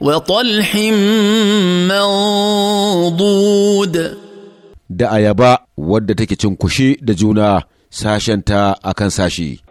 وطلح منضود da ayaba wadda take cin kushi da juna sashenta akan sashi